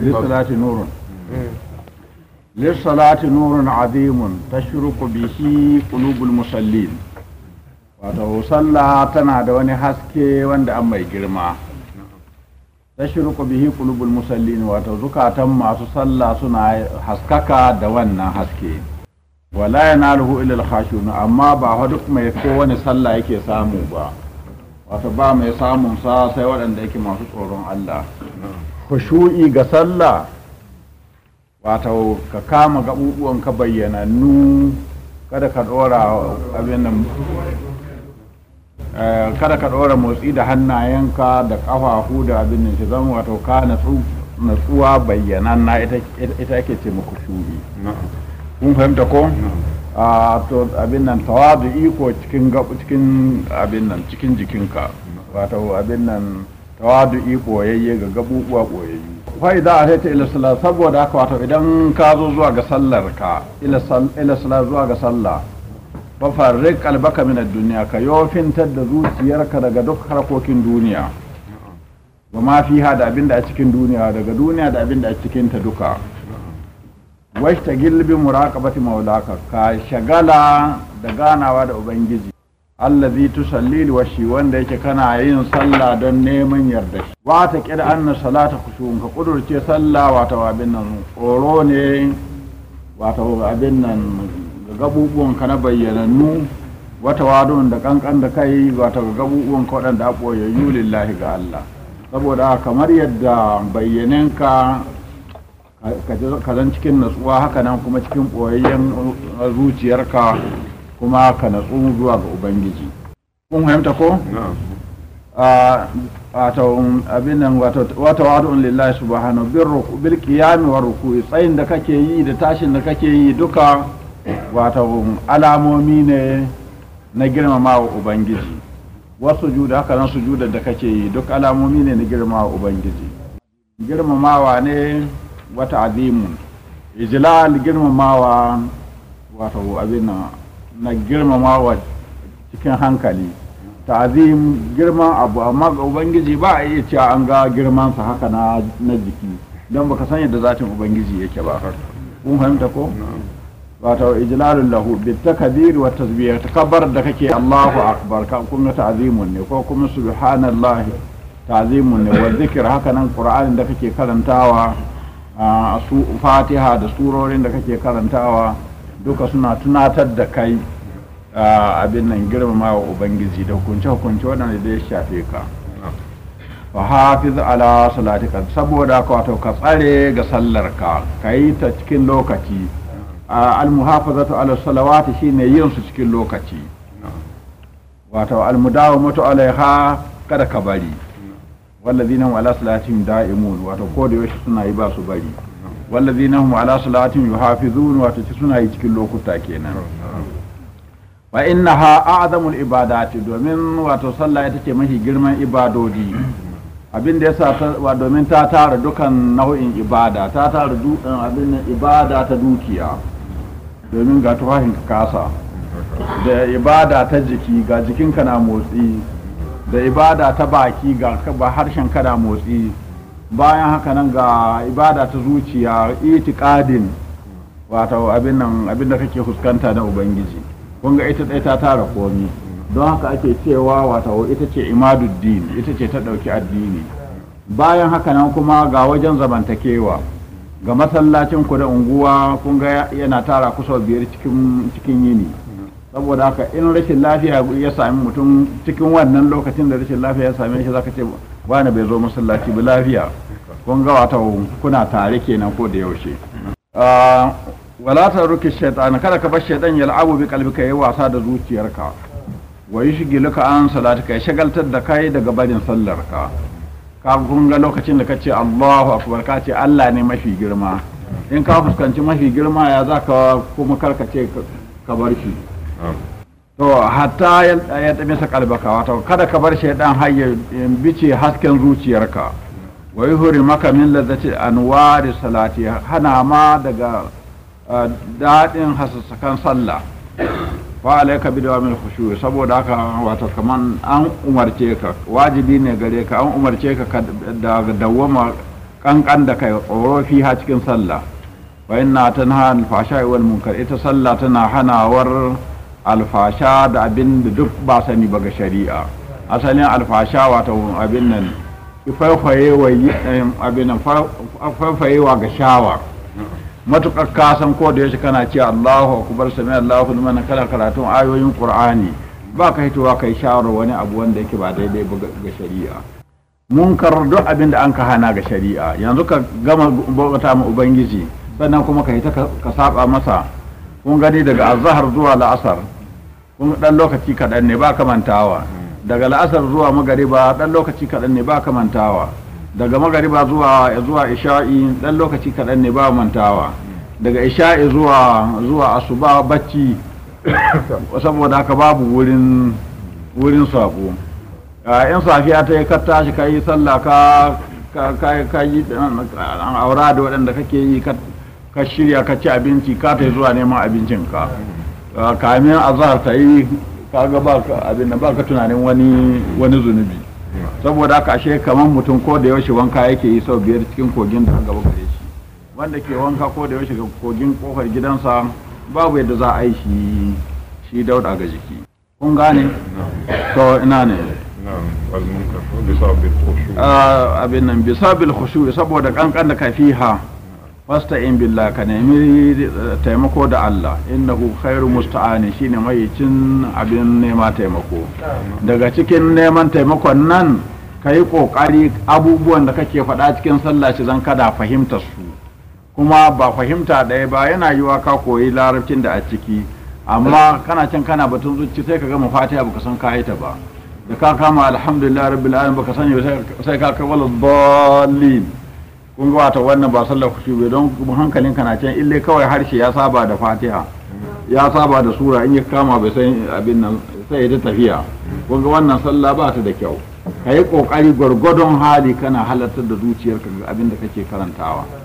للصلاة nurun للصلاة نور عظيم تشرق به قلوب musallin wato sallah tana da wani haske wanda an mai girma tashruqu bihi qulubul musallin wato zukatan masu sallah suna haskaka da wannan haske wala yanaluhu illa al-khashun amma ba fa duk mai wani sallah yake samu ba wato ba mai samun sa sai waɗanda yake masu tsoron Allah khushu'i ga sallah wato ka kama gaɓuɓuwan ka bayyanannu kada ka ɗora abin eh, kada ka ɗora motsi da hannayenka da ƙafafu da abin nan shi zama wato ka natsuwa bayyananna ita ake ce muku shuri kun fahimta ko a ah, to abin nan da iko cikin cikin abin nan cikin jikinka wato abin nan tawadu'i boyayye ga gabubuwa boyayyu fa idza ataita ila salat saboda haka wato idan ka zo zuwa ga sallar ka ila ila zuwa ga sallah fa farriq qalbaka min ad-dunya ka yofintar da zuciyarka daga duk harkokin duniya wa ma fiha da abinda a cikin duniya daga duniya da abinda a cikin ta duka washtagil bi muraqabati maulaka ka shagala da ganawa da ubangiji allazi wa shi wanda yake kana yin sallah don neman yarda shi wa ta kira anna salata khushu'un ka kudurce sallah wato abin nan tsoro ne wato abin nan gabubuwan ka na bayyanannu wata wadon da kankan da kai wato gabubuwan ka wadanda aboyayyu lillahi ga Allah saboda kamar yadda bayyanan ka ka zan cikin natsuwa haka nan kuma cikin boyayyen zuciyarka kuma ka natsu zuwa ga ubangiji kun fahimta ko wato abin nan wato wadu'un lillahi subhanahu bil ruku bil qiyami war ruku'i tsayin da kake yi da tashin da kake yi duka wato alamomi ne na girmama wa ubangiji wasu juda haka nan sujuda da kake yi duk alamomi ne na girmama wa ubangiji girmamawa ne wata azimun ijlal girmamawa wato abin nan na girmama wa cikin hankali ta'azim girman abu amma ga ubangiji ba a iya cewa an ga girmansa haka na jiki don baka san yadda zatin ubangiji yake ba kun fahimta ko wato ijlalul lahu bit takbir wa tasbih takabbar da kake Allahu akbar kan kuma ta'zimun ne ko kuma subhanallahi ta'zimun ne wa zikr haka nan qur'ani da kake karantawa a su fatiha da surorin da kake karantawa duka suna tunatar da kai abin nan ma wa ubangiji da hukunce hukunce waɗanda da ya shafe ka fa hafiz ala salatika saboda ka wato ka tsare ga sallar ka yi ta cikin lokaci al ta ala salawati shine yin su cikin lokaci wato al mudawamatu alaiha kada ka bari wallazina ala salatihim da'imun wato ko da yaushe suna yi ba su bari na hum ala salatihim yuhafizun wato suna yi cikin lokuta kenan wa ha innaha a'zamul ibadati domin wato sallah ita ce mafi girman ibadodi abin da yasa wa domin ta tara dukan nau'in ibada ta tara dukan eh, abin ibada ta dukiya domin ga tufafin kasa da ibada ta jiki ga jikinka na motsi da ibada ta baki ga harshen kana motsi bayan haka nan ga ibada ta zuciya itiqadin wato abin nan abin da kake fuskanta da ubangiji kun ga ita ta tara komi don haka ake cewa wato ita ce imaduddin ita ce ta dauki addini bayan haka nan kuma ga wajen zamantakewa ga masallacin ku da unguwa kun ga yana tara kusa biyar cikin cikin yini saboda haka in rashin lafiya ya sami mutum cikin wannan lokacin da rashin lafiya ya same shi zaka ce wani bai zo masallaci ba lafiya kun ga wata kuna tare kenan ko da yaushe ah, wala ta ruki shaitan kada ka bar shaitan ya la'abu bi kalbika yi wasa da zuciyarka wa yushghiluka an salatika ya shagaltar da kai daga barin sallarka ka kun ga lokacin da kace Allahu akbar ka ce Allah ne mafi girma in ka fuskanci mafi girma ya zaka kuma karkace ka bar shi to hatta ya tabi sa kada ka bar shaidan har in bice hasken zuciyarka wa yuhri maka min an anwari salati hana ma daga daɗin hasassakan sallah wa alayka bi dawamil khushu saboda haka wato kaman an umarce ka wajibi ne gare ka an umarce ka da dawama kankan da kai tsoro fi ha cikin sallah wa inna tanha al fahsha'i wal munkar ita sallah tana hanawar alfasha da abin da duk ba sani ba ga shari'a asalin alfasha wata abin nan faifayewa ga shawa matuƙar kasan ko da yaushe kana ce Allahu akbar sami Allahu liman kana karatun ayoyin ƙur'ani ba ka hitowa kai shawar wani abu wanda yake ba daidai ba ga shari'a munkar duk abin da an ka hana ga shari'a yanzu ka gama bauta ma ubangiji sannan kuma ka hita ka saba masa kun gani daga azahar zuwa la'asar kuma dan lokaci kaɗan ne ba kamantawa daga la'asar zuwa magariba dan lokaci kaɗan ne ba kamantawa daga magariba zuwa zuwa isha'i dan lokaci kaɗan ne ba mantawa daga isha'i zuwa zuwa asuba bacci saboda haka babu wurin wurin sako ah, in safiya ta yi ka tashi ka yi sallah ka ka yi ah, aura da waɗanda kake yi ka shirya ka ci abinci ka ta zuwa neman abincinka Ah, kamin azhar ta yi kaga ba ka abin da ba ka tunanin wani wani zunubi saboda haka ashe kaman mutum ko da yaushe wanka yake yi sau biyar cikin kogin da gaba gare shi wanda ke wanka ko da yaushe kogin kofar gidansa babu yadda za a yi shi shi dauda ga jiki kun gane to ina ne ah, abin nan bisabil khushu saboda kankan da kafiha Fasta in billa ka nemi eh, taimako da Allah innahu khairu musta'ani shine cin abin nema taimako daga cikin neman taimakon nan ka yi kokari abubuwan da kake faɗa cikin sallah shi zan kada fahimta su kuma ba fahimta ɗaya ba yana yiwa ka koyi larabcin da a ciki amma kana can kana batun zuci sai ka gama fatiha baka san kayi ta ba da ka kama alhamdulillah rabbil alamin baka sani sai ka kai kun ga wata wannan ba sallar kushi bai don hankalin kana can illai kawai harshe ya saba da fatiha ya saba da sura in ya kama bai san abin nan sai ya tafiya kun ga wannan sallah ba ta da kyau ka yi ƙoƙari gwargwadon hali kana halartar da zuciyarka ga abin da kake karantawa